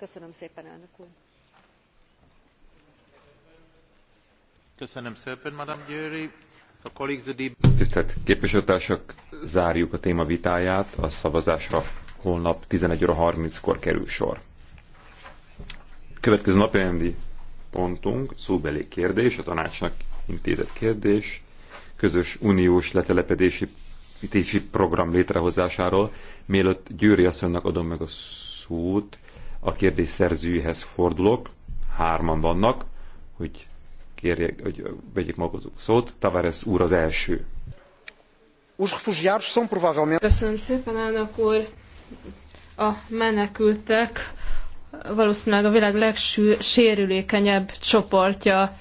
köszönöm szépen elnök úr! Tisztelt képviselőtársak, zárjuk a téma vitáját, a szavazásra holnap 1130 kor kerül sor. Következő napirendi pontunk szóbeli kérdés, a tanácsnak intézett kérdés, közös uniós letelepedési program létrehozásáról. Mielőtt Győri asszonynak adom meg a szót, a kérdés szerzőjéhez fordulok, hárman vannak, hogy kérjék, hogy vegyék maguk szót. Tavares úr az első. Köszönöm szépen, elnök úr. A menekültek valószínűleg a világ legsérülékenyebb csoportja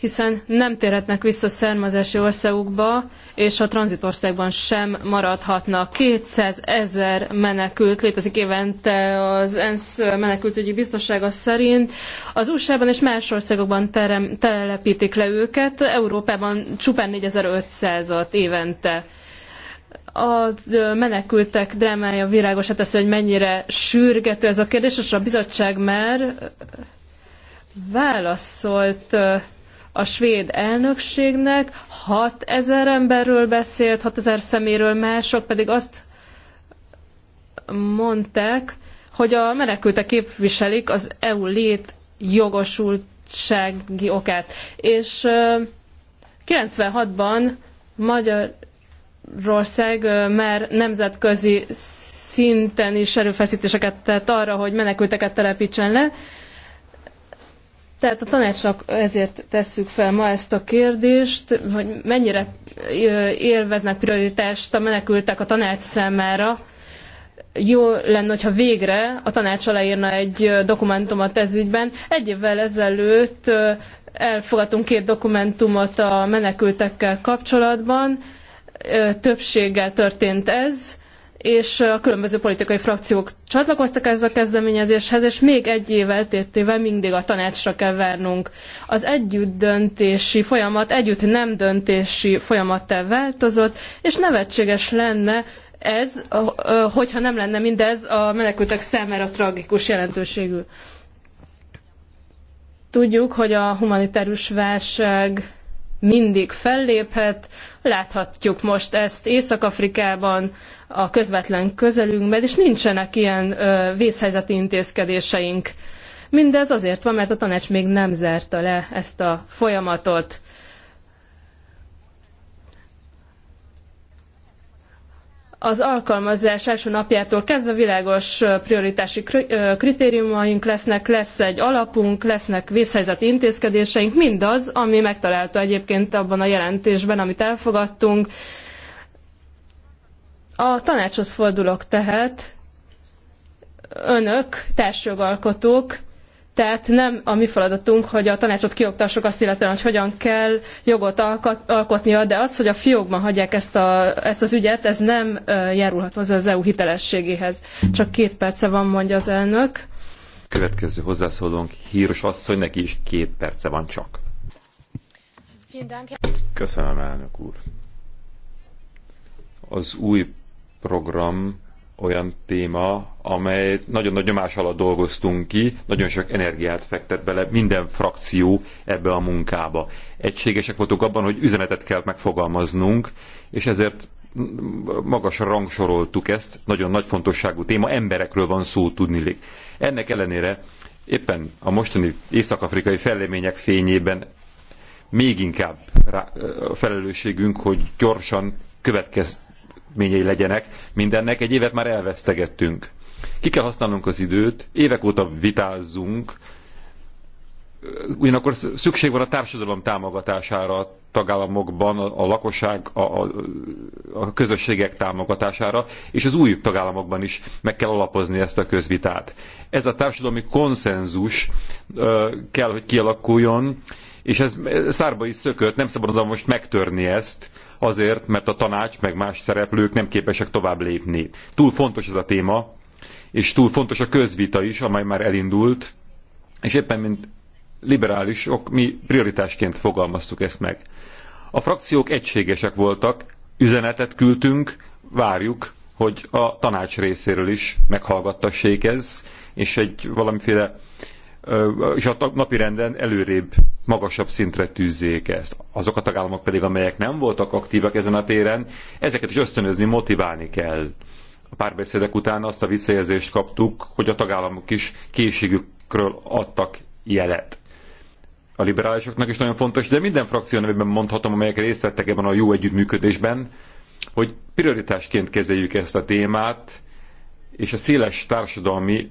hiszen nem térhetnek vissza származási országukba, és a tranzitországban sem maradhatnak. 200 ezer menekült létezik évente az ENSZ menekültügyi biztossága szerint. Az USA-ban és más országokban terem, telepítik le őket, Európában csupán 4500-at évente a menekültek drámája világosá teszi, hogy mennyire sürgető ez a kérdés, és a bizottság már válaszolt a svéd elnökségnek 6000 emberről beszélt, 6000 szeméről, mások pedig azt mondták, hogy a menekültek képviselik az EU lét jogosultsági okát. És euh, 96-ban Magyarország már nemzetközi szinten is erőfeszítéseket tett arra, hogy menekülteket telepítsen le, tehát a tanácsnak ezért tesszük fel ma ezt a kérdést, hogy mennyire élveznek prioritást a menekültek a tanács számára. Jó lenne, hogyha végre a tanács aláírna egy dokumentumot ez ügyben. Egy évvel ezelőtt elfogadtunk két dokumentumot a menekültekkel kapcsolatban. Többséggel történt ez és a különböző politikai frakciók csatlakoztak ez a kezdeményezéshez, és még egy év elteltével mindig a tanácsra kell várnunk. Az együttdöntési folyamat együtt nem döntési folyamattá változott, és nevetséges lenne ez, hogyha nem lenne mindez a menekültek számára tragikus jelentőségű. Tudjuk, hogy a humanitárius válság mindig felléphet. Láthatjuk most ezt Észak-Afrikában, a közvetlen közelünkben, és nincsenek ilyen ö, vészhelyzeti intézkedéseink. Mindez azért van, mert a tanács még nem zárta le ezt a folyamatot. az alkalmazás első napjától kezdve világos prioritási kritériumaink lesznek, lesz egy alapunk, lesznek vészhelyzeti intézkedéseink, mindaz, ami megtalálta egyébként abban a jelentésben, amit elfogadtunk. A tanácshoz fordulok tehát, önök, társjogalkotók, tehát nem a mi feladatunk, hogy a tanácsot kioktassuk azt illetően, hogy hogyan kell jogot alkotnia, de az, hogy a fiókban hagyják ezt, a, ezt az ügyet, ez nem járulhat hozzá az EU hitelességéhez. Csak két perce van, mondja az elnök. Következő hozzászólónk hírs asszony, neki is két perce van csak. Köszönöm, elnök úr. Az új program olyan téma, amely nagyon nagy nyomás alatt dolgoztunk ki, nagyon sok energiát fektet bele minden frakció ebbe a munkába. Egységesek voltunk abban, hogy üzenetet kell megfogalmaznunk, és ezért magasra rangsoroltuk ezt, nagyon nagy fontosságú téma, emberekről van szó tudnilik. Ennek ellenére éppen a mostani észak-afrikai fellemények fényében még inkább rá, a felelősségünk, hogy gyorsan következ, eredményei legyenek mindennek. Egy évet már elvesztegettünk. Ki kell használnunk az időt, évek óta vitázzunk, ugyanakkor szükség van a társadalom támogatására a tagállamokban, a, lakosság, a, a, a közösségek támogatására, és az új tagállamokban is meg kell alapozni ezt a közvitát. Ez a társadalmi konszenzus ö, kell, hogy kialakuljon, és ez szárba is szökött, nem szabad most megtörni ezt, azért, mert a tanács meg más szereplők nem képesek tovább lépni. Túl fontos ez a téma, és túl fontos a közvita is, amely már elindult, és éppen mint liberálisok mi prioritásként fogalmaztuk ezt meg. A frakciók egységesek voltak, üzenetet küldtünk, várjuk, hogy a tanács részéről is meghallgattassék ez, és egy valamiféle és a napirenden előrébb, magasabb szintre tűzzék ezt. Azok a tagállamok pedig, amelyek nem voltak aktívak ezen a téren, ezeket is ösztönözni, motiválni kell. A párbeszédek után azt a visszajelzést kaptuk, hogy a tagállamok is készségükről adtak jelet. A liberálisoknak is nagyon fontos, de minden frakció nevében mondhatom, amelyek részt vettek ebben a jó együttműködésben, hogy prioritásként kezeljük ezt a témát, és a széles társadalmi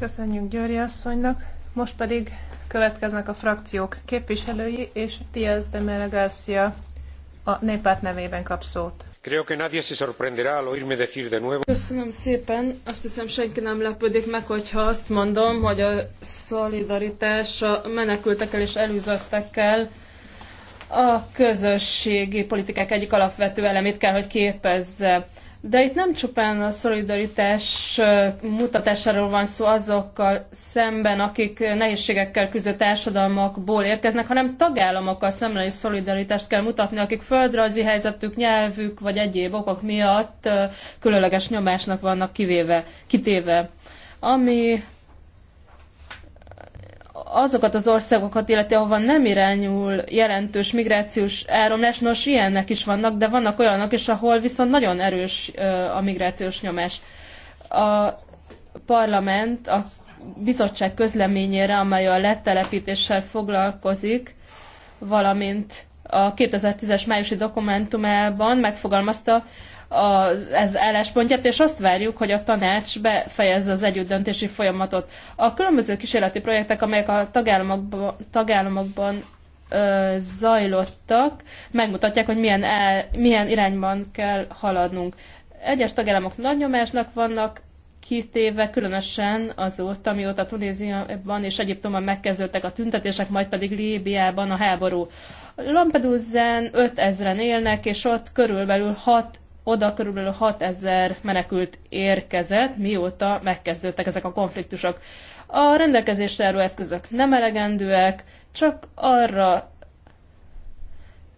Köszönjük Győri asszonynak. Most pedig következnek a frakciók képviselői, és Diaz de Mera Garcia a néppárt nevében kap szót. Creo que nadie se sorprenderá al oírme decir de nuevo. Köszönöm szépen. Azt hiszem senki nem lepődik meg, hogyha azt mondom, hogy a szolidaritás a menekültekkel és előzöttekkel a közösségi politikák egyik alapvető elemét kell, hogy képezze. De itt nem csupán a szolidaritás mutatásáról van szó azokkal szemben, akik nehézségekkel küzdő társadalmakból érkeznek, hanem tagállamokkal szemben is szolidaritást kell mutatni, akik földrajzi helyzetük, nyelvük vagy egyéb okok miatt különleges nyomásnak vannak kivéve, kitéve. Ami azokat az országokat illeti, ahova nem irányul jelentős migrációs áramlás, nos, ilyennek is vannak, de vannak olyanok is, ahol viszont nagyon erős a migrációs nyomás. A parlament a bizottság közleményére, amely a letelepítéssel foglalkozik, valamint a 2010-es májusi dokumentumában megfogalmazta, az, ez álláspontját, és azt várjuk, hogy a tanács befejezze az együttdöntési folyamatot. A különböző kísérleti projektek, amelyek a tagállamokban, tagállamokban ö, zajlottak, megmutatják, hogy milyen, el, milyen irányban kell haladnunk. Egyes tagállamok nagy nyomásnak vannak kitéve, különösen azóta, mióta Tunéziában és Egyiptomban megkezdődtek a tüntetések, majd pedig Líbiában a háború. Lampedusán 5000-en élnek, és ott körülbelül 6 oda körülbelül 6000 menekült érkezett, mióta megkezdődtek ezek a konfliktusok. A rendelkezésre álló eszközök nem elegendőek, csak arra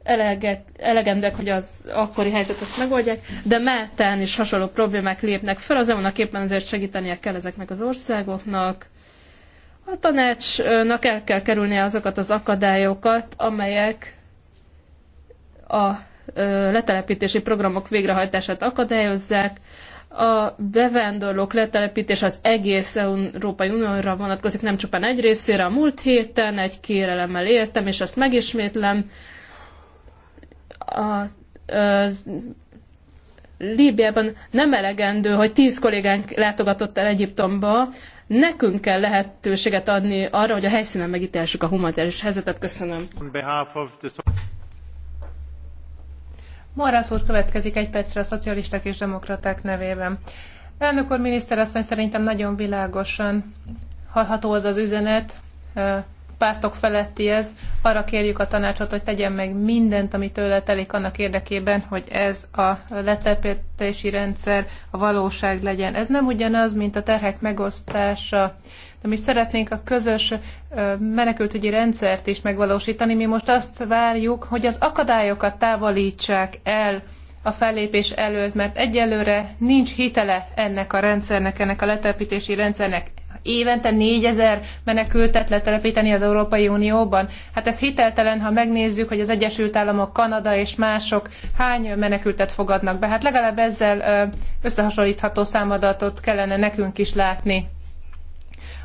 elegek, elegendőek, hogy az akkori helyzetet megoldják, de Máltán is hasonló problémák lépnek fel, az EU-nak éppen azért segítenie kell ezeknek az országoknak. A tanácsnak el kell kerülnie azokat az akadályokat, amelyek a letelepítési programok végrehajtását akadályozzák. A bevándorlók letelepítés az egész Európai Unióra vonatkozik, nem csupán egy részére. A múlt héten egy kérelemmel éltem, és azt megismétlem. A, az, Líbiában nem elegendő, hogy tíz kollégánk látogatott el Egyiptomba, nekünk kell lehetőséget adni arra, hogy a helyszínen megítéljük a humanitárius helyzetet. Köszönöm. Morász úr következik egy percre a szocialisták és demokraták nevében. Elnök úr, miniszterasszony, szerintem nagyon világosan hallható az az üzenet, pártok feletti ez, arra kérjük a tanácsot, hogy tegyen meg mindent, ami tőle telik annak érdekében, hogy ez a letelepítési rendszer a valóság legyen. Ez nem ugyanaz, mint a terhek megosztása de mi szeretnénk a közös menekültügyi rendszert is megvalósítani. Mi most azt várjuk, hogy az akadályokat távolítsák el a fellépés előtt, mert egyelőre nincs hitele ennek a rendszernek, ennek a letelepítési rendszernek. Évente négyezer menekültet letelepíteni az Európai Unióban. Hát ez hiteltelen, ha megnézzük, hogy az Egyesült Államok, Kanada és mások hány menekültet fogadnak be. Hát legalább ezzel összehasonlítható számadatot kellene nekünk is látni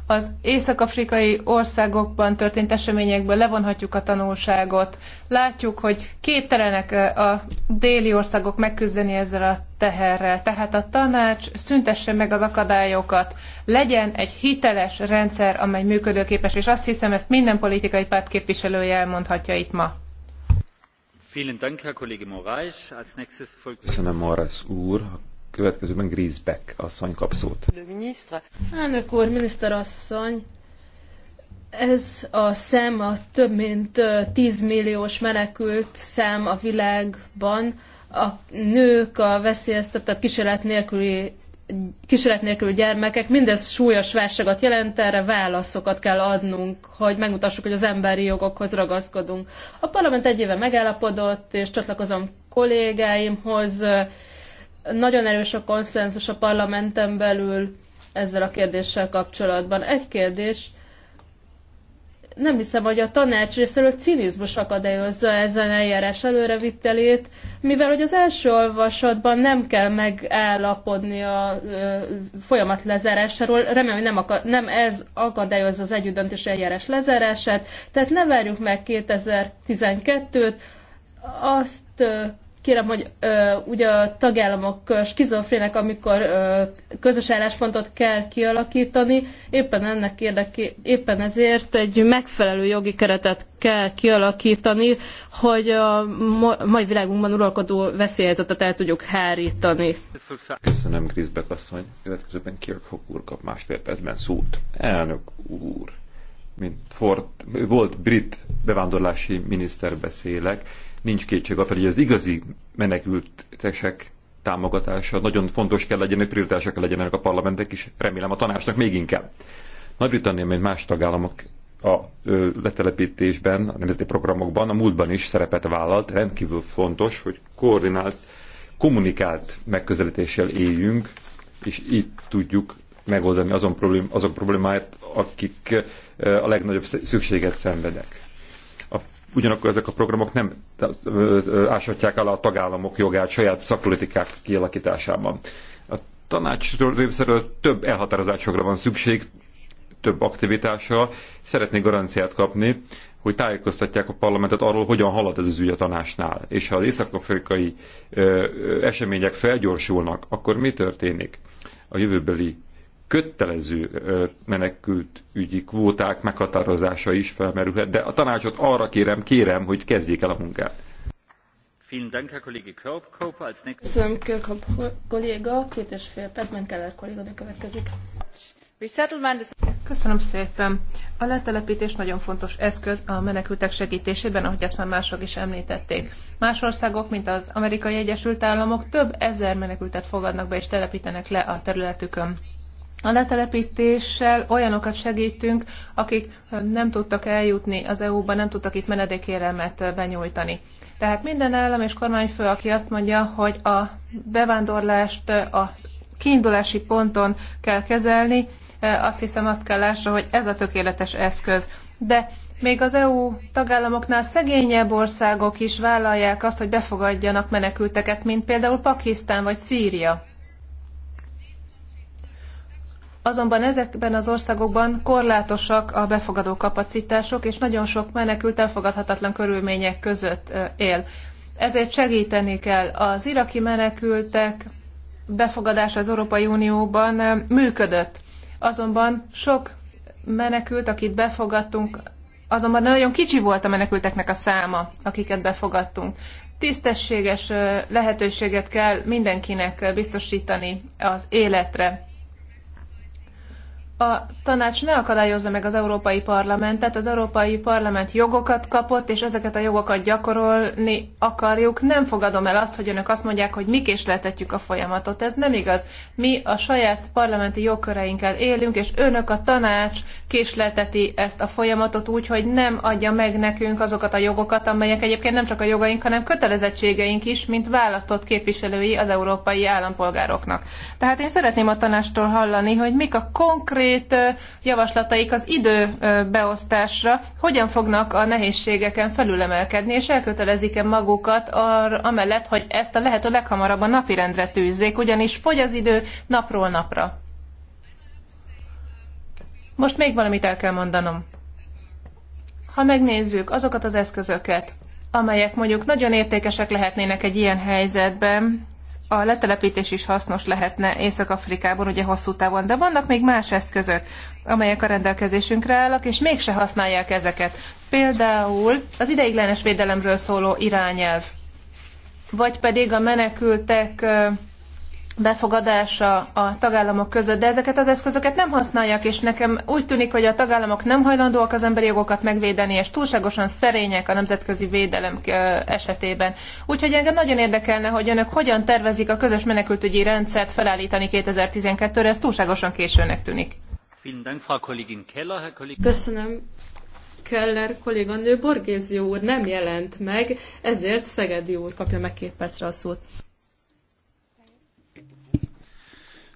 az észak-afrikai országokban történt eseményekből levonhatjuk a tanulságot. Látjuk, hogy képtelenek a déli országok megküzdeni ezzel a teherrel. Tehát a tanács szüntesse meg az akadályokat, legyen egy hiteles rendszer, amely működőképes, és azt hiszem, ezt minden politikai párt képviselője elmondhatja itt ma. Köszönöm, Moraes úr következőben Grisbeck asszony kap szót. Elnök úr, miniszter asszony, ez a szem a több mint 10 milliós menekült szem a világban. A nők, a veszélyeztetett kísérlet nélküli kísérlet nélkül gyermekek, mindez súlyos válságot jelent, erre válaszokat kell adnunk, hogy megmutassuk, hogy az emberi jogokhoz ragaszkodunk. A parlament egy éve megállapodott, és csatlakozom kollégáimhoz, nagyon erős a konszenzus a parlamenten belül ezzel a kérdéssel kapcsolatban. Egy kérdés, nem hiszem, hogy a tanács részéről cinizmus akadályozza ezen eljárás előrevittelét, mivel hogy az első olvasatban nem kell megállapodni a ö, folyamat lezárásáról, remélem, hogy nem, akad, nem ez akadályozza az együttdöntés eljárás lezárását, tehát ne várjuk meg 2012-t, azt kérem, hogy ö, ugye a tagállamok skizofrének, amikor ö, közös álláspontot kell kialakítani, éppen ennek érdeké, éppen ezért egy megfelelő jogi keretet kell kialakítani, hogy a mai világunkban uralkodó veszélyhelyzetet el tudjuk hárítani. Köszönöm, Griszbek asszony. Következőben Kirk úr kap másfél percben szót. Elnök úr, mint Ford, volt brit bevándorlási miniszter beszélek, nincs kétség afelé, hogy az igazi menekültesek támogatása nagyon fontos kell legyen, hogy prioritások kell legyenek a parlamentek is, remélem a tanácsnak még inkább. Nagy-Britannia, mint más tagállamok a letelepítésben, a nemzeti programokban, a múltban is szerepet vállalt, rendkívül fontos, hogy koordinált, kommunikált megközelítéssel éljünk, és így tudjuk megoldani azon problém, azok problémáit, akik a legnagyobb szükséget szenvedek. Ugyanakkor ezek a programok nem áshatják el a tagállamok jogát saját szakpolitikák kialakításában. A tanács részéről több elhatározásokra van szükség, több aktivitásra. Szeretnék garanciát kapni, hogy tájékoztatják a parlamentet arról, hogyan halad ez az ügy a tanácsnál. És ha az észak-afrikai események felgyorsulnak, akkor mi történik? A jövőbeli kötelező menekült ügyi kvóták meghatározása is felmerülhet, de a tanácsot arra kérem, kérem, hogy kezdjék el a munkát. Köszönöm, Kirkhope kolléga. Két és fél percben Keller kolléganő következik. Köszönöm szépen. A letelepítés nagyon fontos eszköz a menekültek segítésében, ahogy ezt már mások is említették. Más országok, mint az Amerikai Egyesült Államok több ezer menekültet fogadnak be és telepítenek le a területükön. A letelepítéssel olyanokat segítünk, akik nem tudtak eljutni az EU-ba, nem tudtak itt menedékérelmet benyújtani. Tehát minden állam és kormányfő, aki azt mondja, hogy a bevándorlást a kiindulási ponton kell kezelni, azt hiszem azt kell lássa, hogy ez a tökéletes eszköz. De még az EU tagállamoknál szegényebb országok is vállalják azt, hogy befogadjanak menekülteket, mint például Pakisztán vagy Szíria. Azonban ezekben az országokban korlátosak a befogadó kapacitások, és nagyon sok menekült elfogadhatatlan körülmények között él. Ezért segíteni kell az iraki menekültek befogadása az Európai Unióban működött. Azonban sok menekült, akit befogadtunk, azonban nagyon kicsi volt a menekülteknek a száma, akiket befogadtunk. Tisztességes lehetőséget kell mindenkinek biztosítani az életre a tanács ne akadályozza meg az Európai Parlamentet, az Európai Parlament jogokat kapott, és ezeket a jogokat gyakorolni akarjuk. Nem fogadom el azt, hogy önök azt mondják, hogy mi késletetjük a folyamatot. Ez nem igaz. Mi a saját parlamenti jogköreinkkel élünk, és önök a tanács késlelteti ezt a folyamatot úgy, hogy nem adja meg nekünk azokat a jogokat, amelyek egyébként nem csak a jogaink, hanem kötelezettségeink is, mint választott képviselői az európai állampolgároknak. Tehát én szeretném a tanástól hallani, hogy mik a konkrét konkrét javaslataik az időbeosztásra, hogyan fognak a nehézségeken felülemelkedni, és elkötelezik-e magukat ar, amellett, hogy ezt a lehető leghamarabb a napirendre tűzzék, ugyanis fogy az idő napról napra. Most még valamit el kell mondanom. Ha megnézzük azokat az eszközöket, amelyek mondjuk nagyon értékesek lehetnének egy ilyen helyzetben, a letelepítés is hasznos lehetne Észak-Afrikában, ugye hosszú távon, de vannak még más eszközök, amelyek a rendelkezésünkre állnak, és mégse használják ezeket. Például az ideiglenes védelemről szóló irányelv, vagy pedig a menekültek befogadása a tagállamok között, de ezeket az eszközöket nem használják, és nekem úgy tűnik, hogy a tagállamok nem hajlandóak az emberi jogokat megvédeni, és túlságosan szerények a nemzetközi védelem esetében. Úgyhogy engem nagyon érdekelne, hogy önök hogyan tervezik a közös menekültügyi rendszert felállítani 2012-re, ez túlságosan későnek tűnik. Köszönöm. Keller kolléganő Borgézió úr nem jelent meg, ezért Szegedi úr kapja meg két percre a szót.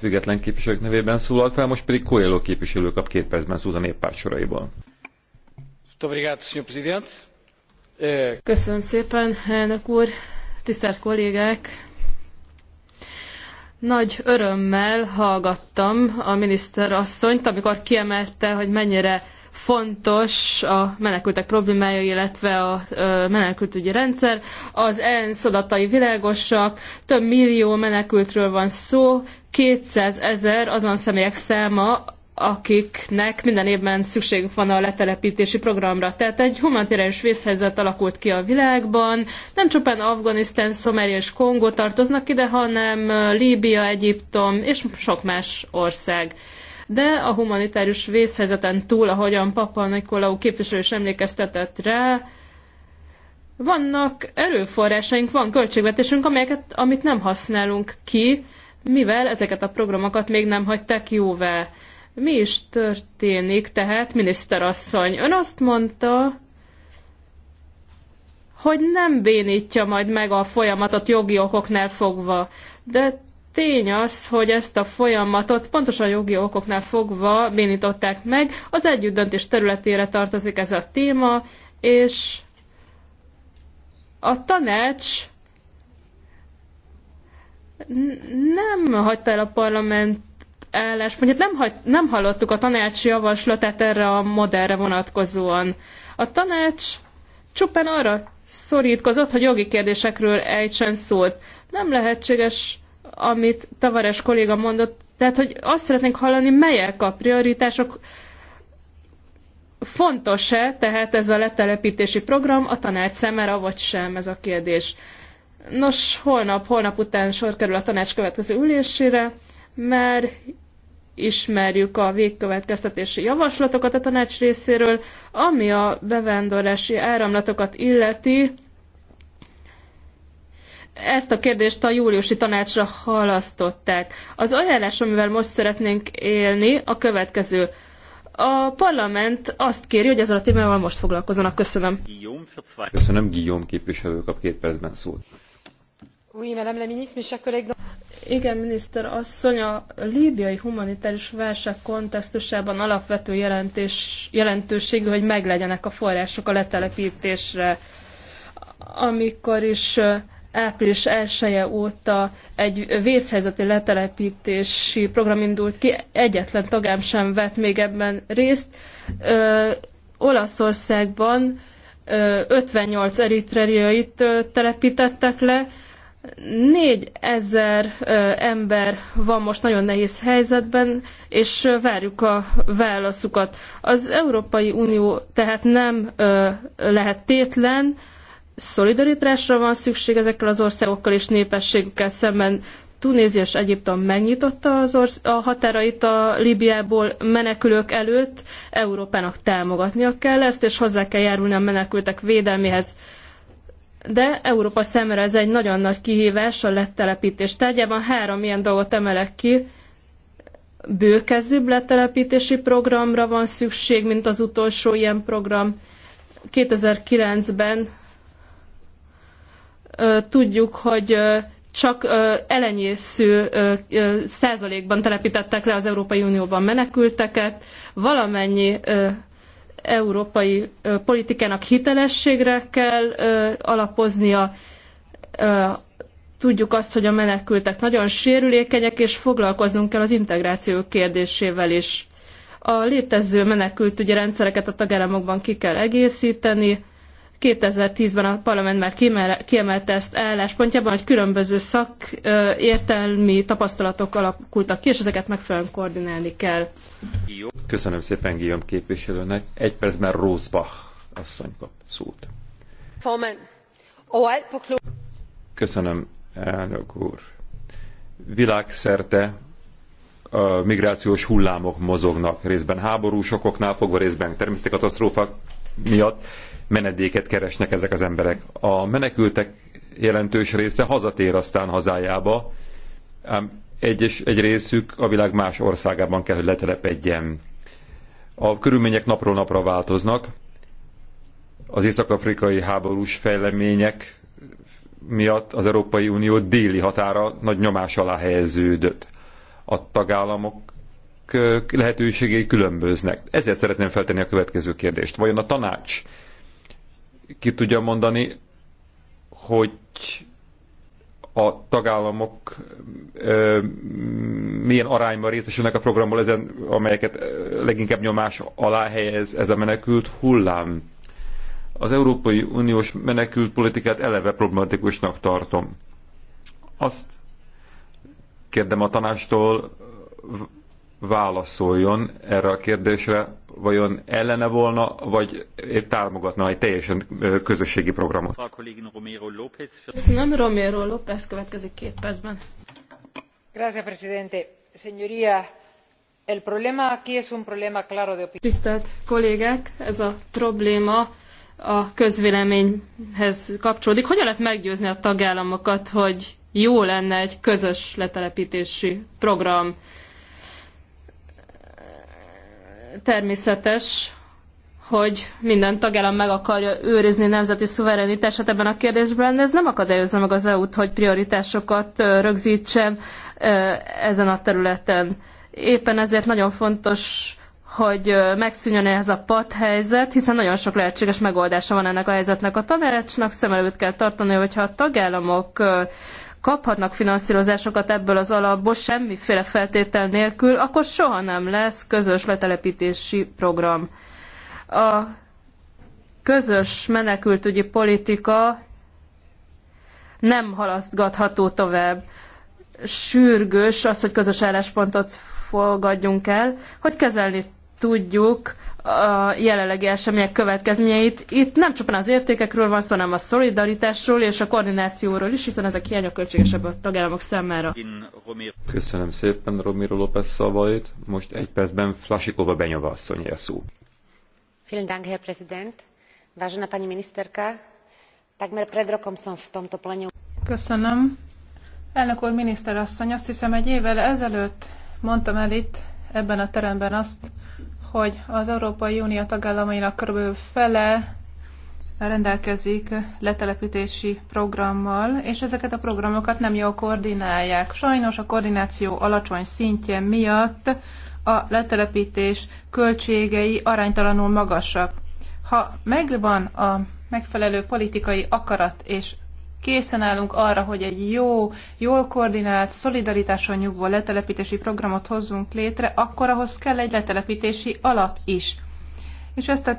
független képviselők nevében szólalt fel, most pedig Coelho képviselő kap két percben szólt a néppárt soraiból. Köszönöm szépen, elnök úr, tisztelt kollégák! Nagy örömmel hallgattam a miniszter asszonyt, amikor kiemelte, hogy mennyire fontos a menekültek problémája, illetve a menekültügyi rendszer. Az ENSZ adatai világosak, több millió menekültről van szó, 200 ezer azon személyek száma, akiknek minden évben szükségük van a letelepítési programra. Tehát egy humanitárius vészhelyzet alakult ki a világban. Nem csupán Afganisztán, Szomeri és Kongó tartoznak ide, hanem Líbia, Egyiptom és sok más ország de a humanitárius vészhelyzeten túl, ahogyan Papa Nikolaou képviselő is emlékeztetett rá, vannak erőforrásaink, van költségvetésünk, amelyeket, amit nem használunk ki, mivel ezeket a programokat még nem hagyták jóvá. Mi is történik tehát, miniszterasszony? Ön azt mondta, hogy nem bénítja majd meg a folyamatot jogi okoknál fogva. De Tény az, hogy ezt a folyamatot pontosan jogi okoknál fogva bénították meg. Az együttdöntés területére tartozik ez a téma, és a tanács nem hagyta el a parlament álláspontját, nem, hagy, nem hallottuk a tanács javaslatát erre a modellre vonatkozóan. A tanács csupán arra szorítkozott, hogy jogi kérdésekről ejtsen szót. Nem lehetséges amit Tavares kolléga mondott. Tehát, hogy azt szeretnénk hallani, melyek a prioritások, fontos-e tehát ez a letelepítési program a tanács szemére, vagy sem ez a kérdés. Nos, holnap, holnap után sor kerül a tanács következő ülésére, mert ismerjük a végkövetkeztetési javaslatokat a tanács részéről, ami a bevándorlási áramlatokat illeti, ezt a kérdést a júliusi tanácsra halasztották. Az ajánlás, amivel most szeretnénk élni, a következő. A parlament azt kéri, hogy ezzel a témával most foglalkozzanak. Köszönöm. Köszönöm, Guillaume képviselő kap két percben szót. Igen, miniszter asszony, a líbiai humanitárius válság kontextusában alapvető jelentés, jelentőségű, hogy meglegyenek a források a letelepítésre. Amikor is április 1 -e óta egy vészhelyzeti letelepítési program indult ki, egyetlen tagám sem vett még ebben részt. Ö, Olaszországban ö, 58 eritreaiait telepítettek le, 4000 ember van most nagyon nehéz helyzetben, és várjuk a válaszukat. Az Európai Unió tehát nem ö, lehet tétlen, szolidaritásra van szükség ezekkel az országokkal és népességükkel szemben. Tunézia és Egyiptom megnyitotta az orsz- a határait a Libiából menekülők előtt, Európának támogatnia kell ezt, és hozzá kell járulni a menekültek védelméhez. De Európa szemre ez egy nagyon nagy kihívás a lettelepítés tárgyában. Három ilyen dolgot emelek ki. Bőkezőbb letelepítési programra van szükség, mint az utolsó ilyen program. 2009-ben tudjuk, hogy csak elenyésző százalékban telepítettek le az Európai Unióban menekülteket, valamennyi európai politikának hitelességre kell alapoznia. Tudjuk azt, hogy a menekültek nagyon sérülékenyek, és foglalkoznunk kell az integráció kérdésével is. A létező menekültügyi rendszereket a tagállamokban ki kell egészíteni, 2010-ben a parlament már kiemelte ezt álláspontjában, hogy különböző szakértelmi tapasztalatok alakultak ki, és ezeket megfelelően koordinálni kell. Köszönöm szépen Guillaume képviselőnek. Egy percben Rózbach asszony kap szót. Köszönöm, elnök úr. Világszerte a migrációs hullámok mozognak, részben háborús okoknál fogva, részben természeti katasztrófák miatt, menedéket keresnek ezek az emberek. A menekültek jelentős része hazatér aztán hazájába, ám egy, egy részük a világ más országában kell, hogy letelepedjen. A körülmények napról napra változnak, az észak-afrikai háborús fejlemények miatt az Európai Unió déli határa nagy nyomás alá helyeződött. A tagállamok lehetőségei különböznek. Ezért szeretném feltenni a következő kérdést. Vajon a tanács ki tudja mondani, hogy a tagállamok ö, milyen arányban részesülnek a programból, ezen, amelyeket leginkább nyomás alá helyez ez a menekült hullám. Az Európai Uniós menekült politikát eleve problematikusnak tartom. Azt kérdem a tanástól, válaszoljon erre a kérdésre, vajon ellene volna, vagy támogatna egy teljesen közösségi programot? Köszönöm, Romero López következik két percben. Gracias, presidente. Señoría, el problema aquí es un problema claro de opinión. Tisztelt kollégák, ez a probléma a közvéleményhez kapcsolódik. Hogyan lehet meggyőzni a tagállamokat, hogy jó lenne egy közös letelepítési program? természetes, hogy minden tagállam meg akarja őrizni nemzeti szuverenitását ebben a kérdésben. Ez nem akadályozza meg az EU-t, hogy prioritásokat rögzítsen ezen a területen. Éppen ezért nagyon fontos hogy megszűnjön ez a padhelyzet, hiszen nagyon sok lehetséges megoldása van ennek a helyzetnek. A tanácsnak szem előtt kell tartani, hogyha a tagállamok kaphatnak finanszírozásokat ebből az alapból semmiféle feltétel nélkül, akkor soha nem lesz közös letelepítési program. A közös menekültügyi politika nem halasztgatható tovább. Sürgős az, hogy közös álláspontot fogadjunk el, hogy kezelni tudjuk a jelenlegi események következményeit. Itt nem csupán az értékekről van szó, hanem a szolidaritásról és a koordinációról is, hiszen ezek hiánya költségesebb a tagállamok számára. Köszönöm szépen Romiro López szavait. Most egy percben Flasikova Benyova asszony a szó. Vielen Dank, Herr Präsident. Vážená pani takmer pred rokom som v tomto Köszönöm. Elnök úr, miniszter asszony, azt hiszem egy évvel ezelőtt mondtam el itt, ebben a teremben azt, hogy az Európai Unió tagállamainak kb. fele rendelkezik letelepítési programmal, és ezeket a programokat nem jól koordinálják. Sajnos a koordináció alacsony szintje miatt a letelepítés költségei aránytalanul magasak. Ha megvan a megfelelő politikai akarat és készen állunk arra, hogy egy jó, jól koordinált, szolidaritáson nyugvó letelepítési programot hozzunk létre, akkor ahhoz kell egy letelepítési alap is. És ezt a,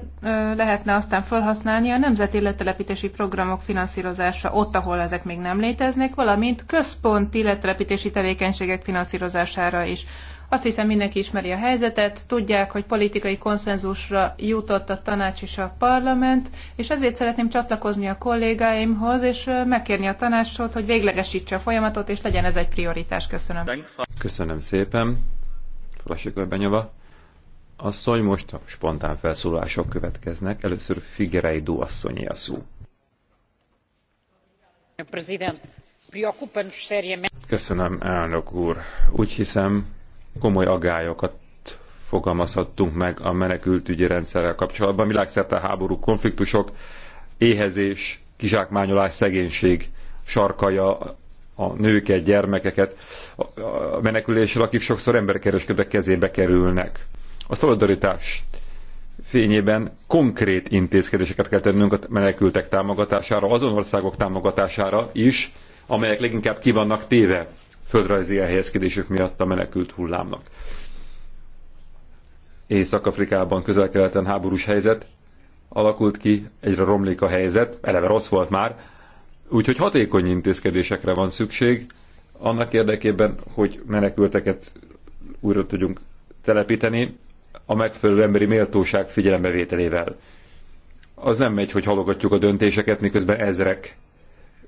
lehetne aztán felhasználni a nemzeti letelepítési programok finanszírozása ott, ahol ezek még nem léteznek, valamint központi letelepítési tevékenységek finanszírozására is. Azt hiszem mindenki ismeri a helyzetet, tudják, hogy politikai konszenzusra jutott a tanács és a parlament, és ezért szeretném csatlakozni a kollégáimhoz, és megkérni a tanácsot, hogy véglegesítse a folyamatot, és legyen ez egy prioritás. Köszönöm. Köszönöm szépen. Flasik Benyova. Asszony, most a spontán felszólások következnek. Először Figueiredo asszonyi a szó. Köszönöm, elnök úr. Úgy hiszem, komoly agályokat fogalmazhattunk meg a menekültügyi rendszerrel kapcsolatban. Világszerte háború, konfliktusok, éhezés, kizsákmányolás, szegénység sarkaja a nőket, gyermekeket a menekülésre, akik sokszor emberkereskedők kezébe kerülnek. A szolidaritás fényében konkrét intézkedéseket kell tennünk a menekültek támogatására, azon országok támogatására is, amelyek leginkább vannak téve földrajzi elhelyezkedésük miatt a menekült hullámnak. Észak-Afrikában, közel-keleten háborús helyzet alakult ki, egyre romlik a helyzet, eleve rossz volt már, úgyhogy hatékony intézkedésekre van szükség, annak érdekében, hogy menekülteket újra tudjunk telepíteni, a megfelelő emberi méltóság figyelembevételével. Az nem megy, hogy halogatjuk a döntéseket, miközben ezrek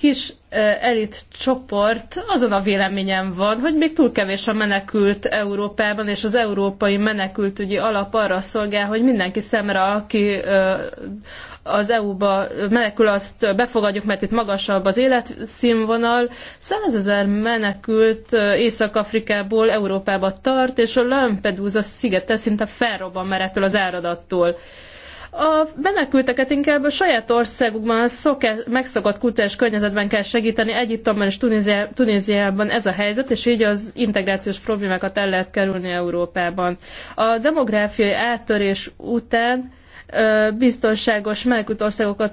kis elit csoport azon a véleményen van, hogy még túl kevés a menekült Európában, és az európai menekültügyi alap arra szolgál, hogy mindenki szemre, aki az EU-ba menekül, azt befogadjuk, mert itt magasabb az életszínvonal. Százezer menekült Észak-Afrikából Európába tart, és a Lampedusa szigete szinte felrobban már ettől az áradattól. A menekülteket inkább a saját országukban, a szoke, megszokott kultúrás környezetben kell segíteni. Egyiptomban és Tunéziá, Tunéziában ez a helyzet, és így az integrációs problémákat el lehet kerülni Európában. A demográfiai áttörés után biztonságos menekült országokat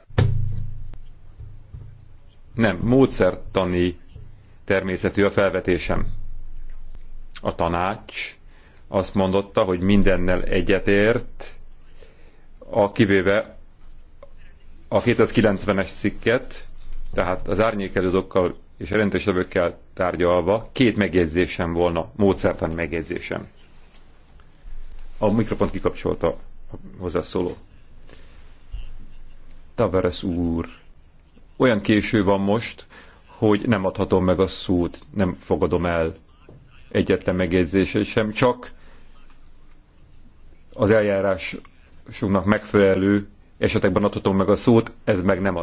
nem, módszertani természetű a felvetésem. A tanács azt mondotta, hogy mindennel egyetért, a kivéve a 290-es cikket, tehát az árnyékelődokkal és jelentősebbekkel tárgyalva két megjegyzésem volna, módszertani megjegyzésem. A mikrofont kikapcsolta a hozzászóló. Tavares úr olyan késő van most, hogy nem adhatom meg a szót, nem fogadom el egyetlen megjegyzését sem, csak az eljárásunknak megfelelő esetekben adhatom meg a szót, ez meg nem az.